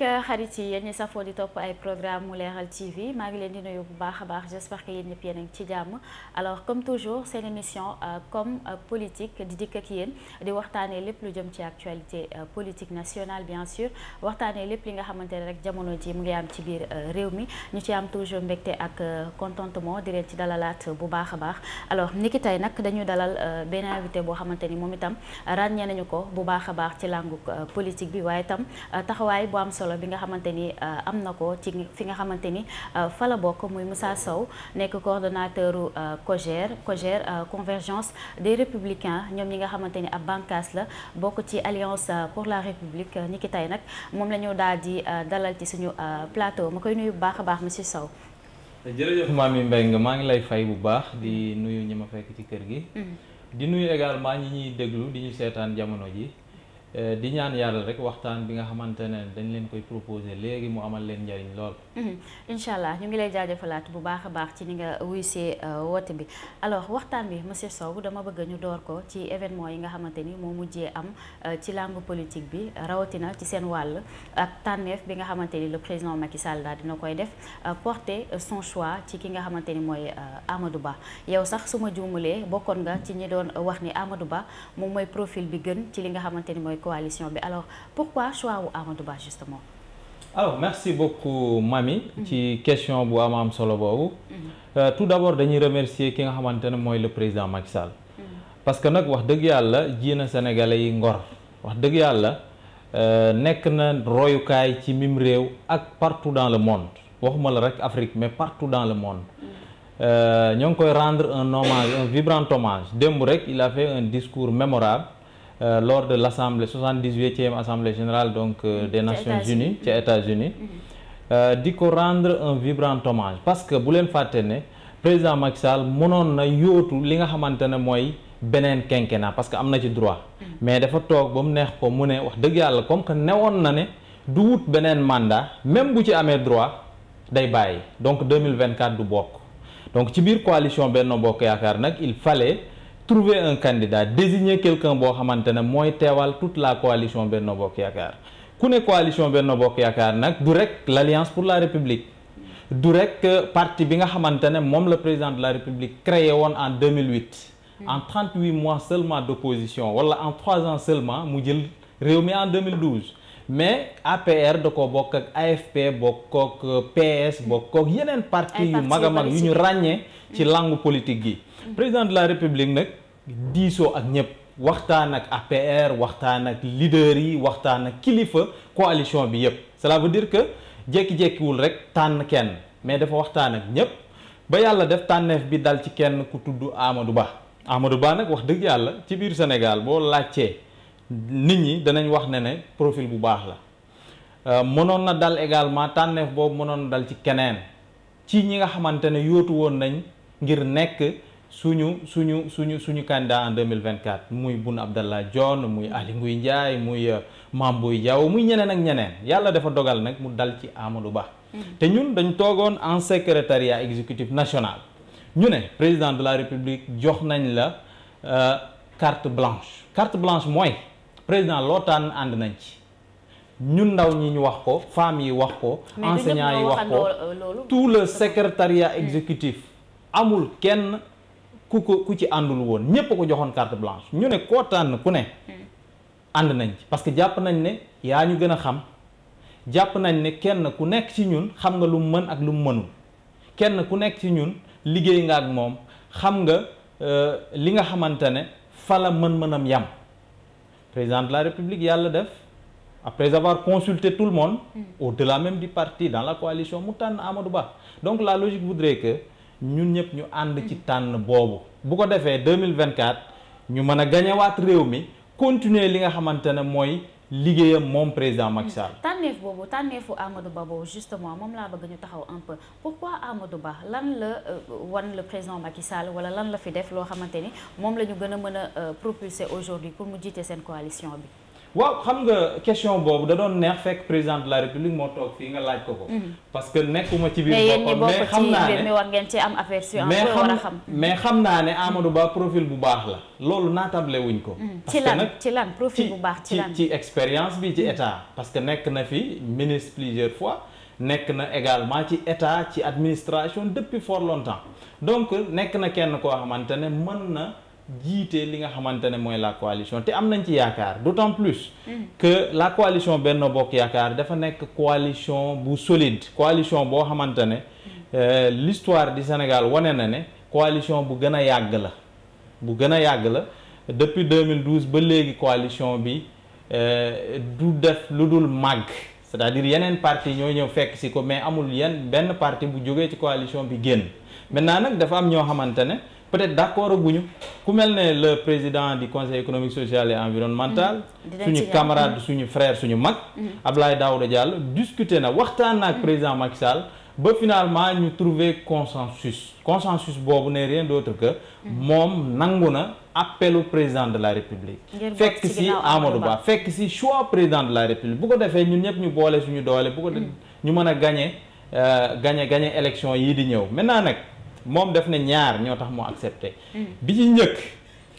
mbokk xarit yi yéen ñi safoo di topp ay programme mu Leral TV maa ngi leen di nuyu bu baax a baax j'espère que yéen ñëpp yéen a ngi ci jàmm alors comme toujours seen émission euh, comme euh, politique di dikk ak yéen di waxtaanee lépp lu jëm ci actualité euh, politique nationale bien sûr waxtaanee lépp li nga xamante ne rek jamono ji mu ngi am ci biir réew mi ñu ci am toujours mbégte ak contentement di leen ci dalalaat bu baax a baax alors ni ki tey nag dañu dalal benn invité boo xamante ni moom itam ràññee nañu ko bu baax a baax ci làngu politique bi waaye itam solo bi nga xamante ni euh, am na ko ci fi nga xamante ni euh, fa la bokk muy Moussa Sow nekk coordonnateur euh, COJER COJER convergence des républicains ñoom ñi nga xamante ni ab bànqaas la bokk ci alliance pour la république ni tey nag moom la ñu daal di dalal ci suñu plateau ma koy nuyu bu baax a baax monsieur Sow. jërëjëf Mamy Mbengue maa ngi lay fay bu baax di nuyu ñi ma fekk ci kër gi. Mm-hmm. di nuyu également ñi ñuy déglu di ñu seetaan jamono ji. Euh, di ñaan yàlla rek waxtaan bi nga xamante ne dañ leen koy proposer léegi mu amal leen njariñ lool. Mhm. incha allah ñu ngi lay jaajëfalaat bu baax a baax ci ni nga wuysee euh, woote bi alors waxtaan bi monsieur Sow dama bëgg ñu door ko ci événement yi nga xamante ni moo mujjee am euh, ci langue politique bi rawatina ci seen wàll ak tànneef bi nga xamante ni le président Macky Sall dina koy def porter son choix ci ki nga xamante ni mooy amadu Ba yow sax su ma juumulee bokkoon nga ci ñi doon wax ni amadu Ba moom mooy profil bi gën ci li nga xamante ni mooy. coalition bi alors pourquoi choix wu Amadou Ba justement alors merci beaucoup Mami mhm. ci question bu am am solo boobu mhm. euh, tout d'abord dañuy remercier ki nga xamante ne mooy le président Macky Sall mhm. parce que nag wax dëgg yàlla ji na sénégalais yi ngor wax dëgg yàlla euh, nekk na royukaay ci mim réew ak partout dans le monde waxuma la rek Afrique mais partout dans le monde euh, ñoo ngi koy rendre un hommage un vibrant hommage démb rek il a fait un discours mémorable Euh, lors de l'assemblée 78e assemblée générale donc euh, mm-hmm. des Nations Unies ci États-Unis mm-hmm. euh, di ko rendre un vibrant hommage parce que bu leen fàtte ne président Macky Sall mënoon na yootu li nga xamante ne mooy beneen quinquennat parce que am na ci droit mm-hmm. mais dafa toog ba mu neex ko mu ne wax dëgg yàlla comme que newoon na ne du wut beneen mandat même bu ci amee droit day bàyyi donc 2024 du bokk donc ci biir coalition benn Bokk Yaakaar nag il fallait trouver un candidat désigner quelqu'un boo xamante ne mooy teewal tout la coalition benn Bokk Yaakaar ku ne coalition Benno Bokk Yaakaar nag du rek l'Alliance pour la République du rek euh, parti bi nga xamante ne moom la président de la République créé woon en 2008 hmm. en 38 mois seulement d'opposition wala en 3 ans seulement mu jël réew mi en 2012 mais APR da ko bokk ak AFP bokk ak euh, PS bokk ak yeneen parti yu mag a mag yu ñu ràññee ci hmm. langue politique yi hmm. président la République nag diisoo ak ñëpp waxtaan ak APR waxtaan ak leader yi waxtaan ak kilifa coalition bi yëpp cela veut que jékki-jékkiwul rek tànn kenn mais dafa waxtaan ak ñëpp ba yàlla def tànneef bi dal ci kenn ku tudd Amadou Ba Amadou Ba nag wax dëgg yàlla ci biir Sénégal boo laajtee nit ñi danañ wax ne ne profil bu baax la euh, mënoon na dal également tànneef boobu mënoon na dal ci keneen ci ñi nga xamante yootu woon nañ ngir nekk. suñu suñu suñu suñu candidat en 2024 muy Boun Abdallah Dionne muy ali Ngouille Ndiaye muy euh, Mame Boye Diao muy ñeneen ak ñeneen yàlla defa dogal nag mu dal ci Amadou Ba mm-hmm. te ñun dañ toogoon en secrétariat exécutif national ñu ne président de la république jox nañ la euh, carte blanche carte blanche mooy président loo tànn ànd nañ ci ñun ndaw ñi ñu wax ko femmes yi wax ko enseignants yi wax ko euh, tout le secrétariat exécutif amul kenn ku ko ku ci àndul woon ñépp ko joxoon carte blanche ñu ne koo tànn ku ne hmm. ànd nañ ci parce que jàpp nañ ne yaa ñu gën a xam jàpp nañ ne kenn ku nekk ci ñun xam nga lu mu mën ak lu mu mënul kenn ku nekk ci ñun liggéey nga ak moom xam nga euh, li nga xamante ne fa la mën-mënam yam président de la république yàlla def après avoir consulté tout le monde hmm. au-delà même di parti dans la coalition mu tànn Amadou Ba donc la logique voudrait que ñun ñëpp ñu ànd ci tànn boobu bu ko defee deux mille vingt 2024 ñu mën a gañewaat réew mi continuer li nga xamante ne mooy liggéeyam moom président Macky Sall. Mm. tànneef boobu tànneefu Amadou Ba boobu justement moom laa bëgg ñu taxaw un peu pourquoi Amadou Ba lan la euh, wan la président Macky Sall wala lan la fi def loo xamante ni moom la ñu gën a mën a euh, propulser aujourd'hui pour mu jiite seen coalition bi. waaw xam nga question boobu da doon neex fekk président de la république moo toog fii nga laaj ko ko. Mhm. parce que nekkuma ci biir boppam mais xam naa ne war ngeen ci am affaire si war a xam. mais xam naa ne Amadou Ba profil bu baax la loolu naatable wuñ ko. Mhm. parce que nag ci lan profil bu baax ci lan ci expérience bii ci mhm. état parce que nekk na fi ministre plusieurs fois. nekk na également ci état ci administration depuis fort longtemps donc nekk na kenn koo xamante ne mën na. jiitee li nga xamante ne mooy la coalition te am nañ ci yaakaar d'autant plus mm. que la coalition benn Bokk Yaakaar dafa nekk coalition bu solide coalition boo xamante ne euh, l'histoire di Sénégal wane na ne coalition bu gën a yàgg la bu gën a yàgg la depuis 2012 ba léegi coalition bi euh, du def lu dul màgg c'est-à-dire yeneen parti ñoo ñëw fekk si ko mais amul yenn benn parti bu jógee ci coalition bi génn maintenant nag dafa am ñoo xamante ne peut-être d'accord guñu ku mel ne le président di conseil économique social et environnemental mm-hmm. suñu camarade mm-hmm. suñu frère suñu mag mm-hmm. Abdoulaye Daouda Diallo discuter na waxtaan na ak président Macky Sall ba finalement ñu trouver consensus consensus boobu ne rien d'autre que moom nangu na appelu président de la république fekk si Amadou Ba fekk si choix président de la république bu ko defee ñun ñëpp ñu boole suñu doolee bu ko ñu mën a gagner euh, gagner gagner élection yii di ñëw maintenant nag moom def na ñaar ñoo tax mu accepté mm. bi ci njëkk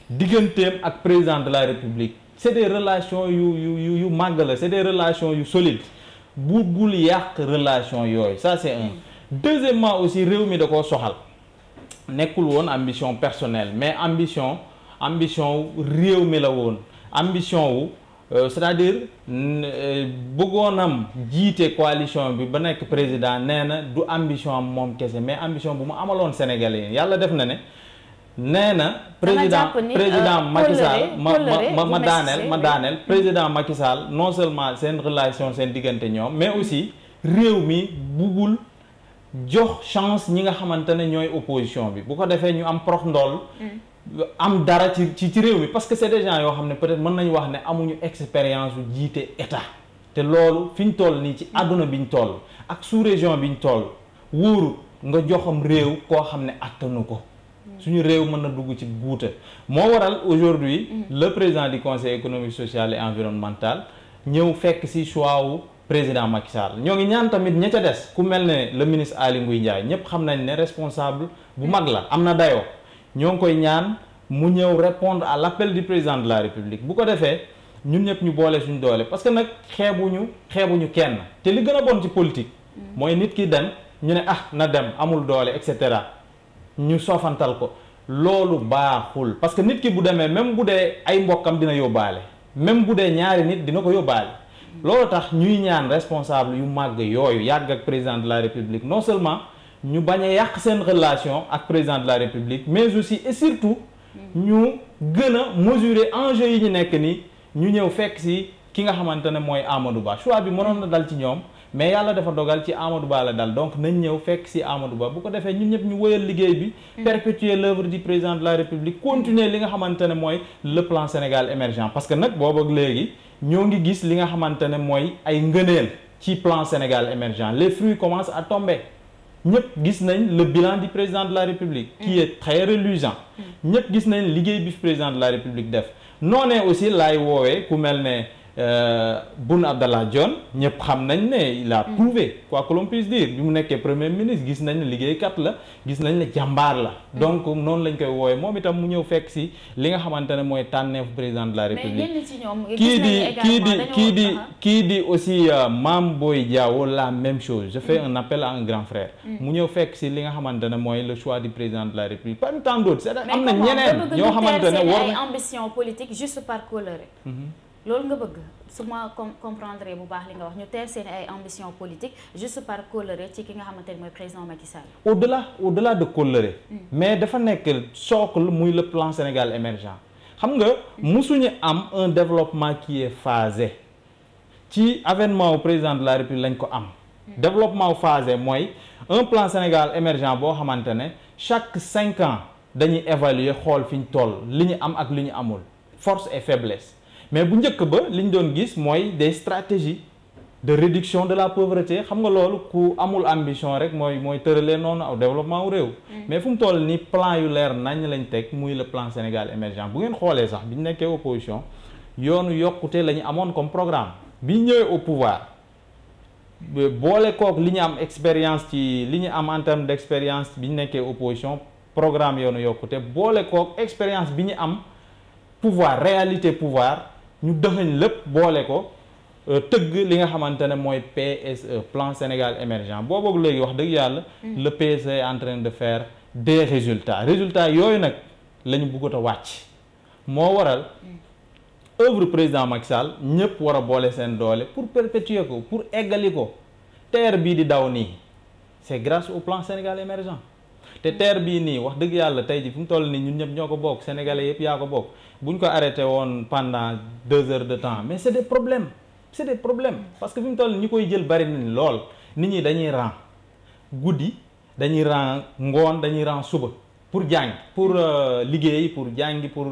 digganteem ak président de la république c'est des relations yu yu yu yu la c'est des relation yu solides bu bul yàq relation yooyu ça c'est un deuxièmement aussi réew mi da koo soxal nekkul woon ambition personnelle mais ambition ambition wu réew mi la woon ambition wu Euh, c'est-à-dire euh, bëggoon am jiite coalition bi ba nekk président nee na du ambition am moom kese mais ambition bu ma amaloon Sénégalais yi yàlla def na ne nee na président président Macky Sall ma ma ma daaneel ma daaneel président Macky non seulement seen relation seen diggante ñoom mais aussi réew mi buggul jox chance ñi nga xamante ne ñooy opposition bi bu ko defee ñu am prox ndool mm. am dara ci ci ci réew mi parce que c'est des gens yoo xam ne peut-être mën nañu wax ne amuñu expérience yu jiite état te loolu fi ñu toll nii ci àdduna bi ñu toll ak sous-région bi ñu toll wóoru nga joxam réew koo xam ne attanu ko mm. suñu réew mën na dugg ci guuta moo waral aujourd'hui mm. le président du conseil économique social et environnemental ñëw fekk si choix wu président Macky ñoo ngi ñaan tamit ña ca des ku mel ne le ministre Aly Ngouille Ndiaye ñëpp xam nañ ne responsable bu mag la am na dayoo ñoo ngi koy ñaan mu ñëw répondre à l' appel du président de la république bu ko defee ñun ñëpp ñu boolee suñ doolee parce que nag xeebuñu xeebuñu kenn te li gën a bon ci politique mm. mooy nit ki dem ñu ne ah na dem amul doole et cetera ñu sofantal ko loolu baaxul parce que nit ki bu demee même bu dee ay mbokkam dina yóbbaale même bu dee ñaari nit dina ko yóbbaale loolu tax ñuy ñaan responsable yu màgg yooyu yàgg ak président de la république non seulement ñu bañ a yàq seen relation ak président de la république mais aussi et surtout ñu gën a mesurer enjeu yi ñu nekk ni ñu ñëw fekk si ki nga xamante ne mooy Amadou Ba choix bi mënoon na dal ci ñoom mais yàlla defa dogal ci Amadou Ba la dal donc nañ ñëw fekk si Amadou Ba bu ko defee ñu ñëpp ñu wëyal liggéey bi mm. perpétuer l'œuvre du président de la République continuer li nga xamante ne mooy le Sénégal émergent parce que nag boobu léegi ñoo ngi gis li nga xamante ne mooy ay ngëneel ci plan Sénégal émergent les fruits commence à tomber ñëpp gis nañ le bilan di président de la République qui mm. est très reluisant mm. ñëpp gis nañ liggéey bi président de la République def noone aussi laay woowee ku mel ne Euh, Boun Abdallah Dionne ñëpp xam nañ ne il a mm. prouvé bi mu nekkee premier ministre gis nañ ne kat la gis nañ ne jàmbaar la mm. donc noonu lañ koy wooye moom itam mu ñëw fekk si li nga xamante ne mooy tànneef président de la république kii di kii di kii di kii di ah, ah. aussi euh, Mame Boye Diao la même chose je fais mm. un appel à un mu ñëw fekk si li nga xamante ne mooy le choix du président de la république parmi tant d'autres c'est am na ñeneen ñoo xamante ne war ambition politique juste par couleur mm-hmm. loolu nga bëgg su ma comprendre bu baax li nga wax ñu teel seen ay ambition politique juste par colère ci ki nga xamante ne mooy président Macky Sall. au delà au delà de colère. Hmm. mais dafa nekk socle muy le plan Sénégal émergent xam nga. musuñu am un développement qui est phasé ci avènement au président de la République lañ ko am. Hmm. développement phasé mooy un plan Sénégal émergent boo xamante ne chaque cinq ans dañuy évaluer xool fi ñu toll li ñu am ak li ñu amul force et faiblesse. mais bu njëkk ba li ñu doon gis mooy des stratégies de réduction de la pauvreté xam nga loolu ku amul ambition rek mooy mooy tëralee noonu aw développement wu réew. Mm. mais fu mu toll nii plan yu leer nañ lañ teg muy le plan Sénégal émergent bu ngeen xoolee sax bi ñu nekkee opposition yoonu yokkute la ñu amoon comme programme bi ñëwee au pouvoir boole kook li ñu am expérience ci li ñu am en terme d' expérience bi ñu nekkee opposition programme yoonu yokkute boole kook expérience bi ñu am pouvoir réalité pouvoir. ñu dëxëñ lépp boole ko euh, tëgg li nga xamante ne mooy PSE plan Sénégal émergent booboog léegi wax dëgg yàlla mm. le PSE entrain en train de faire des résultats résultat yooyu nag la ñu bëggut a wàcc moo waral mm. œuvre président Macky Sall ñëpp war a boole seen doole pour perpétuer ko pour eggali ko TER bii di daw nii c'est grâce au plan Sénégal émergent te terre bii nii wax dëgg yàlla tey ji fi mu toll nii ñun ñëpp ñoo ko bokk sénégalais yëpp yaa ko bokk buñ ko arrêté woon pendant deux heures de temps mais c'est des problème c'est des problèmes parce que fi mu toll ñu koy jël bari nañ lool nit ñi dañuy ran guddi dañuy ran ngoon dañuy ran suba pour jàng pour euh, liggéey pour jàngi pour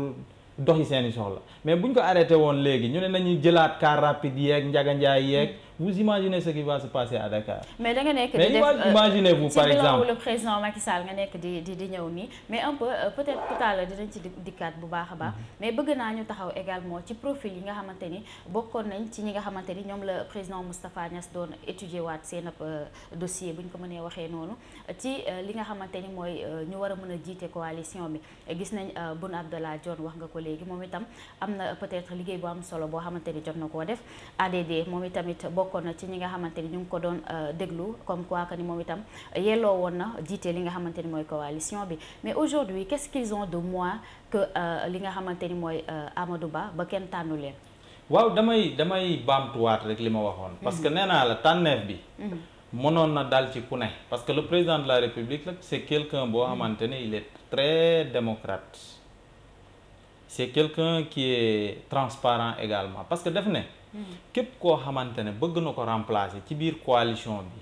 dox doxi seeni soxla mais buñ ko arrêté woon léegi ñu ne nañuy jëlaat car rapide yeeg njaganjaay yeeg vous imaginez ce qui va se passer à Dakar. mais da nekk di def mais euh, imaginez vous par exemple si le président Macky Sall nga nekk di di di ñëw nii mais un peu euh, peut-être tout à l'heure dinañ ci dikkaat bu baax a baax. Mm-hmm. mais bëgg naa ñu taxaw également ci profil yi nga xamante ni bokkoon nañ ci ñi nga xamante ñoom la président Moustapha Niass doon étudier waat seen ab euh, dossier bu ñu ko mënee waxee noonu ci li nga xamante ni mooy ñu war a mën a jiite coalition bi gis nañ Boun Abdallah Dionne wax nga ko léegi moom itam am na peut-être liggéey bu am solo boo xamante ni jot na koo def ADD kon na ci ñi nga xamante ni ñu ngi ko doon euh, déglu comme quoi que ni moom itam yelloo woon na jiite li nga xamante ni mooy coalition bi mais aujourd'hui qu'est-ce qu'ils ont de moins que euh, li nga xamante ni mooy euh, Amadou Ba ba kenn tànnu leen. waaw damay damay baamtuwaat rek li ma waxoon. Mm-hmm. parce que nee naa la tànneef bi. Mm-hmm. mënoon na dal ci ku ne parce que le président de la république nag c'est quelqu'un boo mm-hmm. xamante ne il est très démocrate c'est quelqu'un qui est transparent également parce que def ne. képp koo xamante ne bëgg na ko remplacer ci biir coalition bi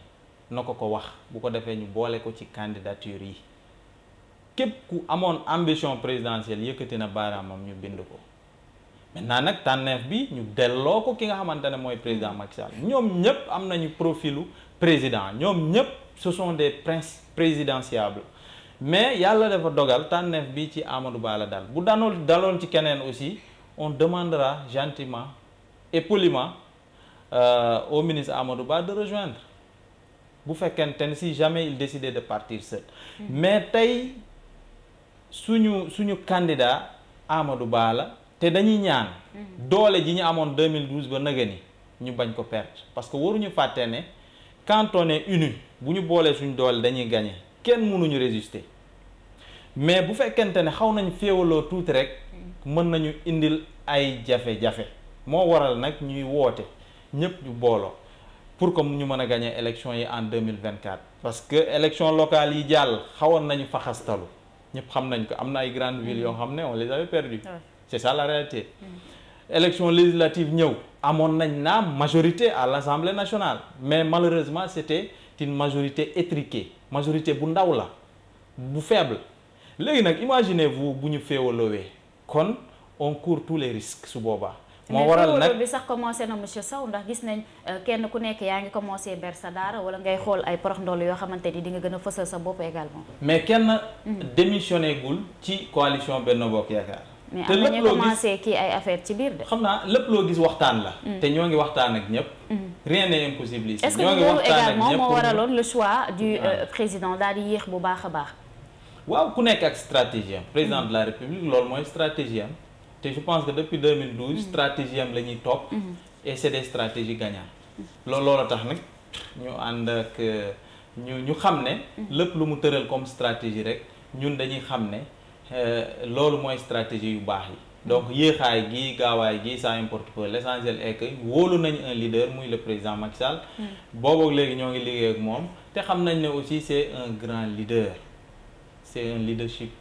na ko ko wax bu ko defee ñu boole ko ci candidature yi képp ku amoon ambition présidentielle yëkkati na baaraamam ñu bind ko maintenant nag tànneef bi ñu delloo ko ki nga xamante ne mooy président Macky Sall ñoom ñëpp am nañu profilu président ñoom ñëpp ce sont des princes présidentiables mais yàlla dafa dogal tànneef bi ci Amadou Ba la dal bu danool dalool ci keneen aussi on demandera gentiment et poliment euh, au ministre Amadou Ba de rejoindre bu fekkente ne si jamais il décidait de partir seul mm-hmm. mais tey suñu suñu candidat Amadou Ba la te dañuy ñaan mm-hmm. doole ji ñu amoon 2012 ba nëga ni ñu bañ ko perte parce que waruñu fàtte ne quand on uni bu ñu boolee suñu doole dañuy gagné kenn mënuñu résister mais bu fekkente ne xaw nañu féewaloo tuuti rek mm-hmm. mën nañu indil ay jafe-jafe moo waral nag ñuy woote ñëpp ñu booloo pour comme ñu mën a gagner élection yi en 2024 parce que élection locale yi jàll xawoon nañu faxastalu ñëpp xam nañ ko am na ay grande villes yoo xam ne on les avait perdu ah c'est ça la réalité mm-hmm. élection législative ñëw amoon nañ naa majorité à l'Assemblée nationale mais malheureusement c'était une majorité étriquée majorité bu ndaw la bu faible léegi nag imaginez-vous bu ñu féewaloowee kon on court tous les risques su boobaa moo waral nag euh, bi sax commencé na monsieur saw ndax gis nañ euh, kenn ku nekk yaa ngi commencé ber sa daara wala ngay xool ay porox ndoll yoo xamante ni di nga gën a fësal sa bopp également mais kenn hmm. démissionné gul ci coalition benn Bokk Yaakaar mais am kii ay affaire ci biir de. xam naa lépp loo gis waxtaan la. Hmm. te ñoo ngi waxtaan ak ñëpp. Hmm. rien n'est impossible ak ñëpp est-ce que loolu également moo waraloon le choix du euh, président daal di yéex bu baax a baax. waaw ku nekk ak stratégie am président de la république loolu mooy stratégie te je pense que depuis 2012 mhm. stratégie am la ñuy topp mhm. et c'est des stratégies gagnantes loolu loola tax nag ñu ànd ak euh, ñu ñu xam ne mhm. lépp lu mu tëral comme stratégie rek ñun dañuy xam ne euh, loolu mooy stratégie yu baax yi donc yéexaay gi gaawaay gi ça importe peu l'essentiel est wóolu nañ un leader muy le président Macky Sall boobu léegi ñoo ngi liggéey ak moom te xam nañ ne aussi c'est un grand leader c'est un leadership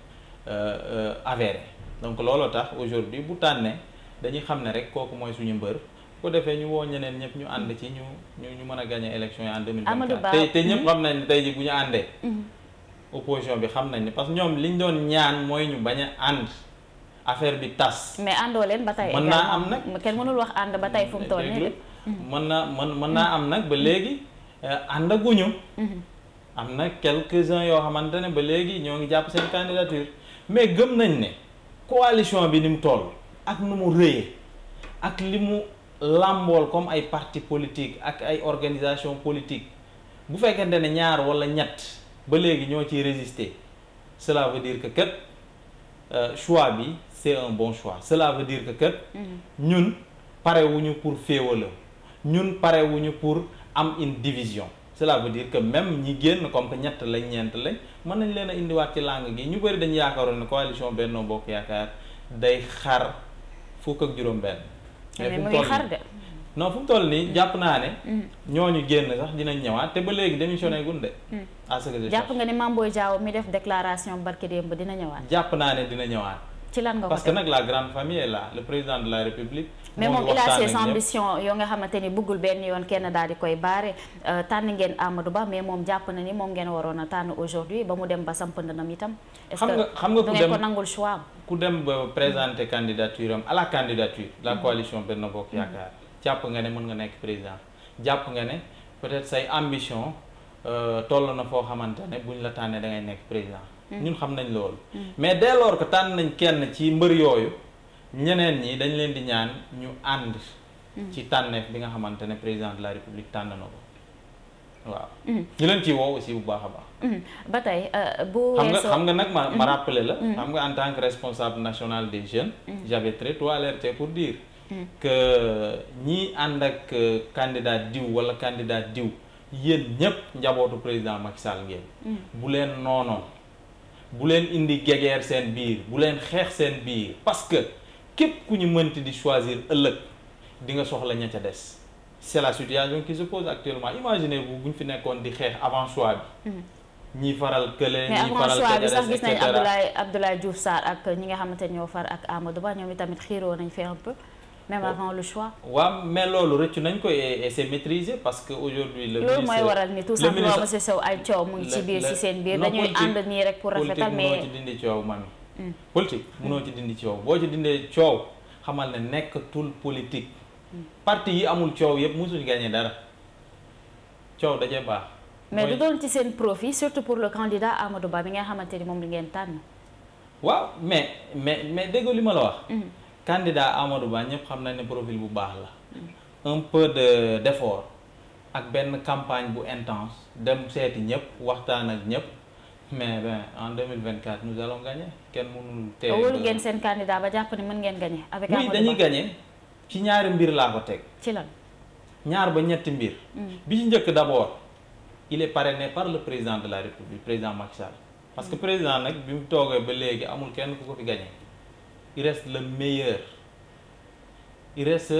euh, avéré donc looloo tax aujourd'hui bu tànnee dañuy xam ne rek kooku mooy suñu mbër bu ko defee ñu woo ñeneen ñëpp ñu ànd ci ñu ñu ñu mën a gagné élection yi en 2024 te te ñëpp mm-hmm. xam nañ tey bu ñu àndee mm-hmm. opposition bi xam nañ ne parce que ñoom liñ doon ñaan mooy ñu bañ a ànd affaire bi tas mais àndoo leen ba tey naa am nag kenn mënul wax ànd ba tey fu mu toll mm-hmm. mën naa mën mën naa am nag ba léegi euh, ànd aguñu am na quelques uns yoo xamante ne ba léegi ñoo ngi jàpp seen candidature mais gëm nañ ne coalition bi ni mu toll ak nu mu rëyee ak li mu làmbool comme ay parti politique ak ay organisation politique bu fekkente ne ñaar wala ñett ba léegi ñoo ciy résister cela veut dire que kat euh, choix bi c'est un bon choix cela veut dire que kat mm-hmm. ñun pare wuñu pour féewala ñun pare wuñu pour am une division cela veut dire que même ñi génn comme que ñett lañ ñeent lañ mën nañ leen a indiwaat ci langue gi ñu bëri dañu yaakaaroon ne coalition Benno Bokk Yaakaar day xar fukk ak juróom-benn. mais fu mu toll de. non fu toll nii jàpp naa ne. Mm. ñooñu génn sax dinañ ñëwaat te ba léegi démissionné gun de. Mm. à ce que je jàpp nga ni Mame Boye Diao def déclaration barki démb dina ñëwaat. jàpp naa ne dina ñëwaat. ci lan nga ko parce que nag la grande famille est là président de la république. mais moom il a ses ambitions yoo nga xamante ni bëggul benn yoon kenn daal di koy baare euh, tànn ngeen Amadou Ba mais moom jàpp na ni moom ngeen waroon a tànn aujourd'hui ba mu dem ba samp ndëndam itam est-ce que xam nga ku dem ko nangul choix ku dem ba présenter candidature am à la candidature la mm-hmm. coalition Benno Bokk mm-hmm. Yaakaar jàpp nga ne mën nga nekk président jàpp nga ne peut-être say ambition euh, toll na foo xamante ne buñ la tànnee da nekk président mm-hmm. ñun xam nañ loolu mais dès lors que tànn ci mbër yooyu ñeneen ñi dañu leen di ñaan ñu ànd hmm. ci tànneef bi nga xamante ne président de la république tànn na ko waaw. Hmm. ñu leen ci woo aussi bu baax a baax. Hmm. ba tey euh, bu xam nga xam nga nag ma ma la. xam nga en tant que responsable national des jeunes. j'avais très tôt alerté pour dire. que ñii ànd ak euh, candidat diw wala candidat diw yéen ñépp njabootu président Macky Sall ngeen. bu leen noonoo bu leen indi gegeer seen biir bu leen xeex seen biir parce képp ku ñu mënti di choisir ëllëg di nga soxla ña ca des c'est la situation qui se pose actuellement imaginez vous bu ñu fi nekkoon di xeex avant choix bi. Mhm. ñi faral kële ñi faral mais ñi nga xamante ñoo far ak Amadou Ba ñoom itamit xiiroo nañ fi un peu même oh. avant le choix. waaw mais loolu rëccu nañ ko et c'est maîtrisé parce que aujourd'hui loolu mooy waral ni tout simplement monsieur Sow ay coow mu ngi ci biir ci seen biir dañuy ànd nii rek pour rafetal mais dindi coow man Mm. politique mënoo ci dindi coow boo ci dindee coow xamal ne nekkatul politique mm. parti yi amul coow yëpp musuñ gagné dara coow dajee baax mais du doon ci seen profit surtout pour le candidat Amadou Ba bi nga xamante ni moom li ngeen tànn waaw mais mais mais déggoo li ma la wax mm. candidat Amadou Ba ñëpp xam na ne profil bu baax la un peur de d'effort ak benn campagne bu intense dem seeti ñëpp waxtaan ak ñëpp mais ben en 2024 nous allons gagner kenn mënul tey. wóolu ngeen seen candidat ba jàpp ne mën ngeen gagner. avec Amadou Ba oui dañuy gagner ci ñaari mbir laa ko teg. ci lan. ñaar ba ñetti mbir. Hmm. bi ci njëkk d'abord il est parrainé par le président de la république président Macky Sall. parce que hmm. président nag bi mu toogee ba léegi amul kenn ku ko fi gagné il reste le meilleur il reste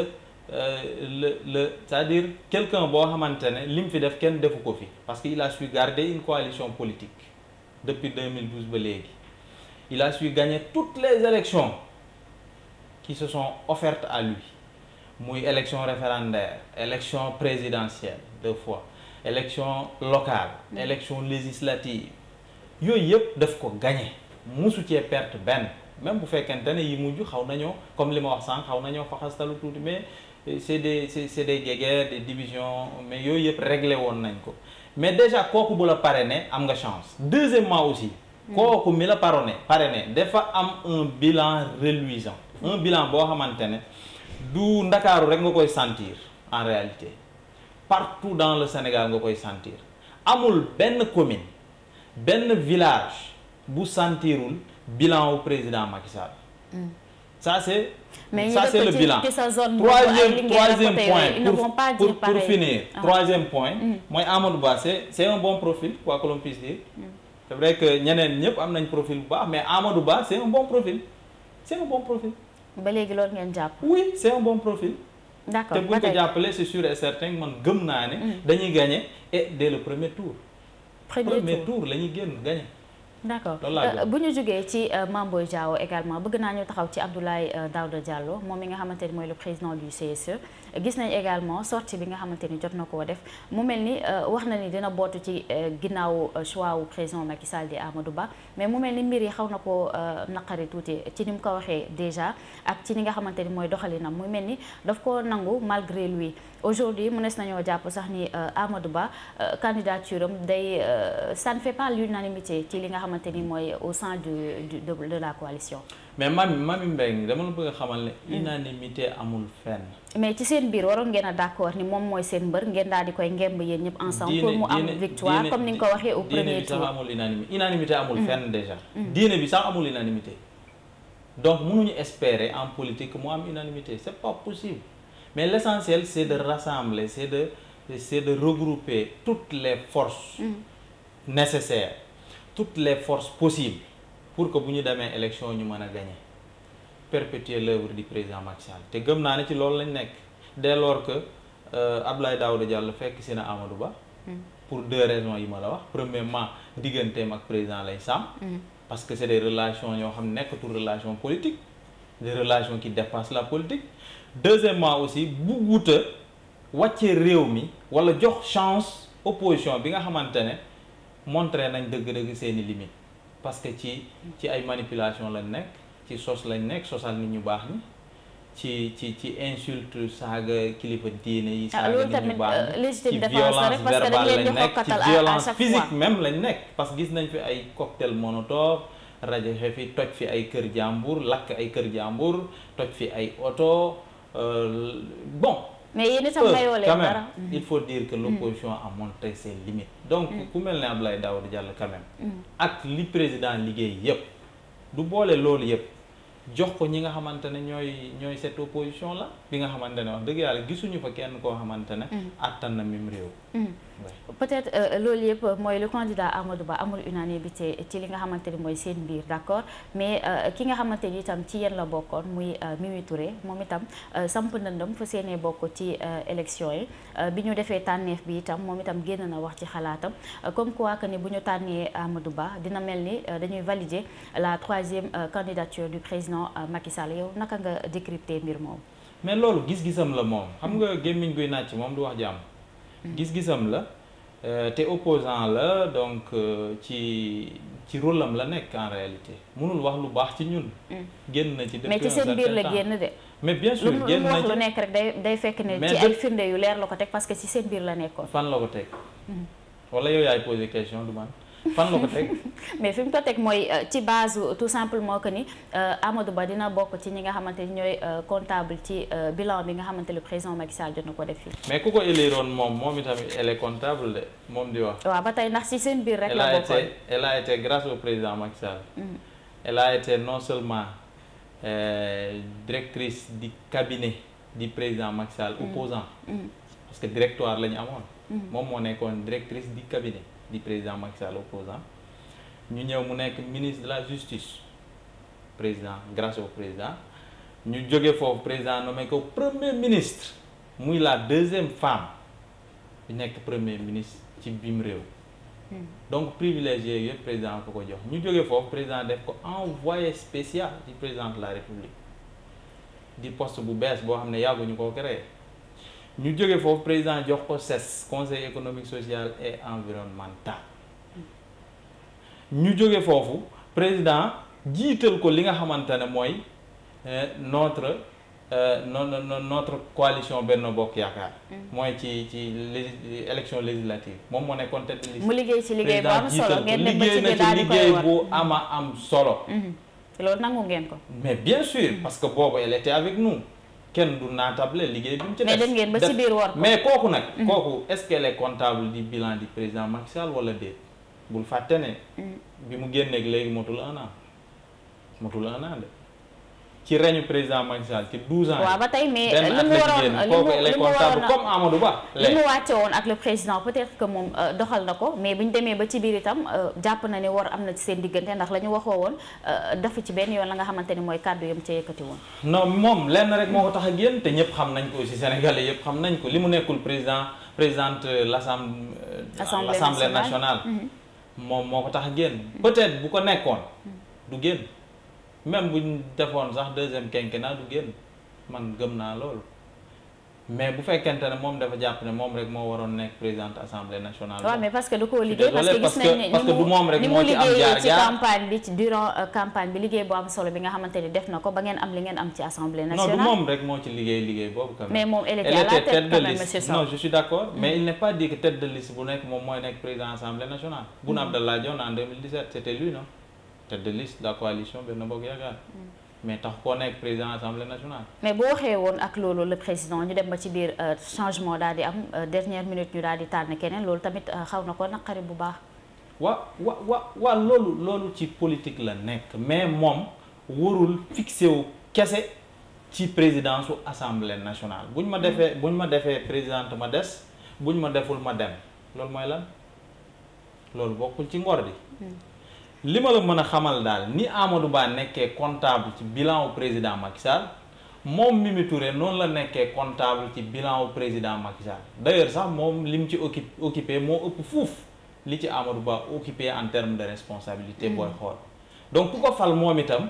euh, le le c'est-à-dire quelqu'un boo xamante ne li mu fi def kenn defu ko fi parce que il a su garder une coalition politique. depuis 2012 ba léegi il a su gagner toutes les élections qui se sont offertes à lui muy élection référendaire élection présidentielle deux fois élection locale mm. élection législative yooyu yëpp daf ko gagné musu cee perte benn même bu fekkente ne yi mujj xaw nañoo comme li ma wax sànq xaw nañoo faxastalu tuuti mais euh, c'est des c'est des guerres des divisions mais yooyu yëpp réglé woon nañ ko mais déjà kooku bu la ne am nga chance deuxièmement aussi mm. kooku mi la parrainé ne dafa am un bilan reluisant un bilan boo xamante ne du ndakaaru rek nga koy sentir en réalité partout dans le Sénégal nga koy sentir amul benn commune benn village bu sentirul bilan wu président Macky Sall mm. ça c'est mais ça c'est le bilan troisième ah. troisième point pour pour finir troisième point mooy Amadou Ba c'est c'est un bon profil quoi que l'on puisse dire mm. c'est vrai que ñeneen ñëpp am nañ profil bu baax mais Amadou Ba c'est bon profil c'est un bon profil ba léegi loolu ngeen jàpp oui c'est un bon profil d'accord te bu ñu ko jàppalee c'est sûr et certain man gëm naa ne mm. dañuy gagner de le premier tour premier tour la ñuy génn gagner d'accord euh, bu ñu jógee ci euh, Mame Boye Diao également bëgg naa ñu taxaw ci Abdoulaye euh, Daouda Diallo moom mi nga xamante ni mooy le président du CSE gis nañ également sorti bi nga xamante ni jot na koo def mu mel ni wax na ni dina bootu ci ginnaaw choix wu président Macky Sall di Ba mais mu mel ni mbir yi xaw na koo naqari tuuti ci ni mu ko waxee déjà ak ci ni nga xamante ni mooy doxalinam mu mel ni daf ko nangu malgré lui aujourd'hui mënees nañoo jàpp sax ni euh, Amadou Ba euh, candidature am day euh, ça ne fait pas l'unanimité ci li nga xamante ni mooy au sein du de la coalition. mais Mami Mami Mbengue dama la bëgg a xamal ne mm. unanimité amul fenn. mais ci seen biir waroon ngeen a d'accord ni moom mooy seen mbër ngeen daal di koy ngemb yéen ñëpp ensemble pour mu am victoire comme ni nga ko waxee au premier tour. diine bi sax unanimité unanimité amul mm. fenn déjà. Mm. diine bi sax amul unanimité donc mënuñu espérer en politique mu am unanimité c'est pas possible. mais l'essentiel c'est de rassembler c'est de c'est de regrouper toutes les forces mm-hmm. nécessaires toutes les forces possibles pour que bu ñu demee élection ñu mën a gagner perpétuer l'œuvre di président Macky Sall te gëm naa ne ci loolu lañ nekk dès lors que euh, Abdoulaye Daouda Diallo fekk si na Amadou Ba mm-hmm. pour deux raisons yi ma la wax premièrement digganteem ak président lay sàmm mm-hmm. parce que c'est des relations yoo xam nekkatul relation politique des relations qui dépassent la politique deuxièmement aussi bu wuta wàccee réew mi wala jox chance opposition bi nga xamante ne montré nañ dëgg-dëgg seeni limite parce que ci ci ay manipulation lañ nekk ci sos lañ nekk sosal nit ñu baax ñi ci ci ci insulte saaga kilifa diine yi ah, saaga nit ñu baax euh, ñi ci violence verbale lañ nekk ci violence physique même lañ nekk parce que gis nañ fi ay cocktail molotov rajo fi toj fi ay kër jàmbur lakk ay kër jàmbur toj fi ay oto Euh, bon. mais yéen sa euh, layoo leen dara il faut dire que mm. l'opposition amoon tey seen limites. donc mm. ku mel ni Abdoulaye Daouda Diallo quand même. Mm. ak li président liggéey yépp du boole loolu yépp jox ko ñi nga xamante ne ñooy ñooy cette opposition la. bi nga xamante ne wax dëgg yàlla gisuñu fa kenn koo xamante ne. Mm. attan na mim réew. Mm. peut-être euh, loolu yëpp mooy le candidat amadu Ba amul unanimité ci li nga xamante ni mooy seen biir d'accord mais euh, ki nga xamante ni itam ci yenn la bokkoon muy euh, Mimi Touré moom itam samp ndëndam fa seenee bokk ci élection yi bi ñu defee tànneef bi itam moom itam génn na wax ci xalaatam comme quoi que ni bu ñu tànnee Amadou Ba dina mel ni dañuy valider la troisième candidature du président Macky Sall naka nga décrypter mbir moom mais loolu gis-gisam la moom xam nga gémmiñ guy nàcc moom du wax jàmm mm. gis-gisam la euh, te opposant la donc euh, ci ci rôle am la nekk en réalité mënul wax lu baax ci ñun mm. génn na ci mais ci seen biir la génn de mais bien sûr génn na ci lu nekk rek day day fekk ne ci ay firnde yu leer la ko teg parce que ci seen biir la nekkoon fan la ko teg mm. wala yow yaay posé question du man fan la ko teg. mais fi mu ko teg mooy euh, ci base tout simplement que ni euh, Amadou Ba dina bokk ci ñi nga xamante ni ñooy euh, comptable ci bilan bi nga xamante le président Macky Sall jot na ko def fii. mais ku ko éliroon moom moom itamit elle est comptable de moom di wax. waaw ba tey ndax si seen biir rek la bokkoon. elle a été grâce au président Macky Sall. Mm-hmm. elle a été non seulement euh, directrice di cabinet di président Macky Sall mm-hmm. opposant mm-hmm. parce que directoire la ñu amoon. moom moo nekkoon directrice du cabinet. di président Macky Sall opposant ñu ñëw mu nekk ministre de la justice président grâce au président ñu jóge foofu président nommé ko premier ministre muy la deuxième femme bi nekk premier ministre ci biim réew hmm. donc privilégié yëpp président ko ko jox ñu jóge foofu président def ko envoyé spécial du président de la république di post bu bees boo xam ne yàgguñu ko créé ñu jóge foofu président jox ko CESE conseil économique social et environnemental ñu jóge foofu président jiital ko li nga xamante ne mooy euh, notre euh, non notre coalition benn Bokk Yaakaar. Mm. mooy ci ci lég élection législative moom moo nekkoon tête de liste. mu liggéey ci liggéey bu am solo ngeen na am solo. Mm-hmm. loolu nangu ngeen ko. mais bien sûr mm-hmm. parce que boobu elle avec nous. kenn du naatable liggéey bi mu ci def mais dem ngeen ba si biir war mais kooku nag mm-hmm. kooku est-ce qu'elle est comptable du bilan du président Macky Sall wala déet bul fàtte mm. bi mu génneeg léegi motul un an motul un an de ci règne président Macky Sall ci 12 ans. waaw ba tey mais li mu waroon li mu waroon comme Amadou Ba. li mu wàcce woon ak le président peut-être que moom euh, doxal na ko mais bu ñu demee ba ci biir itam euh, jàpp na ne war am na ci seen diggante ndax la ñu waxoo woon euh, dafa ci benn yoon la nga xamante ni mooy kàddu yam ca yëkkati woon. non moom lenn rek moo ko tax a génn te ñëpp xam nañ ko aussi sénégalais yëpp xam nañ ko li mu nekkul président présidente l'assemblée l'assemblée nationale mhm. moom moo ko tax a génn. peut-être bu ko nekkoon du génn. même bu ñu defoon sax deuxième quinquennat du génn man gëm naa loolu mais bu fekkente ne moom dafa jàpp ne moom rek moo waroon nekk présidente assemblée nationale. waaw mais parce que du ko liggéey euh, n' mm-hmm. est pas dit que tête de liste bu nekk moom mooy nekk président assemblée nationale. Boun mm-hmm. Abdallah Dionne en 2017 c' était lui non. te de liste la coalition Benno Bokk Yaakaar. Mm. mais tax koo nekk président assemblée nationale. mais boo waxee woon ak loolu le président ñu dem ma ci biir euh, changement daal di am euh, dernière minute ñu daal di tànn keneen loolu tamit euh, xaw na ko naqari bu baax. wa wa wa waa loolu loolu ci politique la nekk mais moom warul fixé wu kese ci présidence su assemblée nationale buñ ma defee mm. buñ ma defee présidente ma des buñ ma deful ma dem loolu mooy lan loolu bokkul ci ngor di mm. li ma la mën a xamal daal ni amadu baa nekkee comptable ci bilan président Macky Sall moom mu Touré noonu la nekkee comptable ci bilan président Macky Sall d'ailleurs sax moom lim ci occu occupé moo ëpp fuuf li ci Amadou Ba occupé en termes de responsabilité booy mm. xool donc ku ko fal moom itam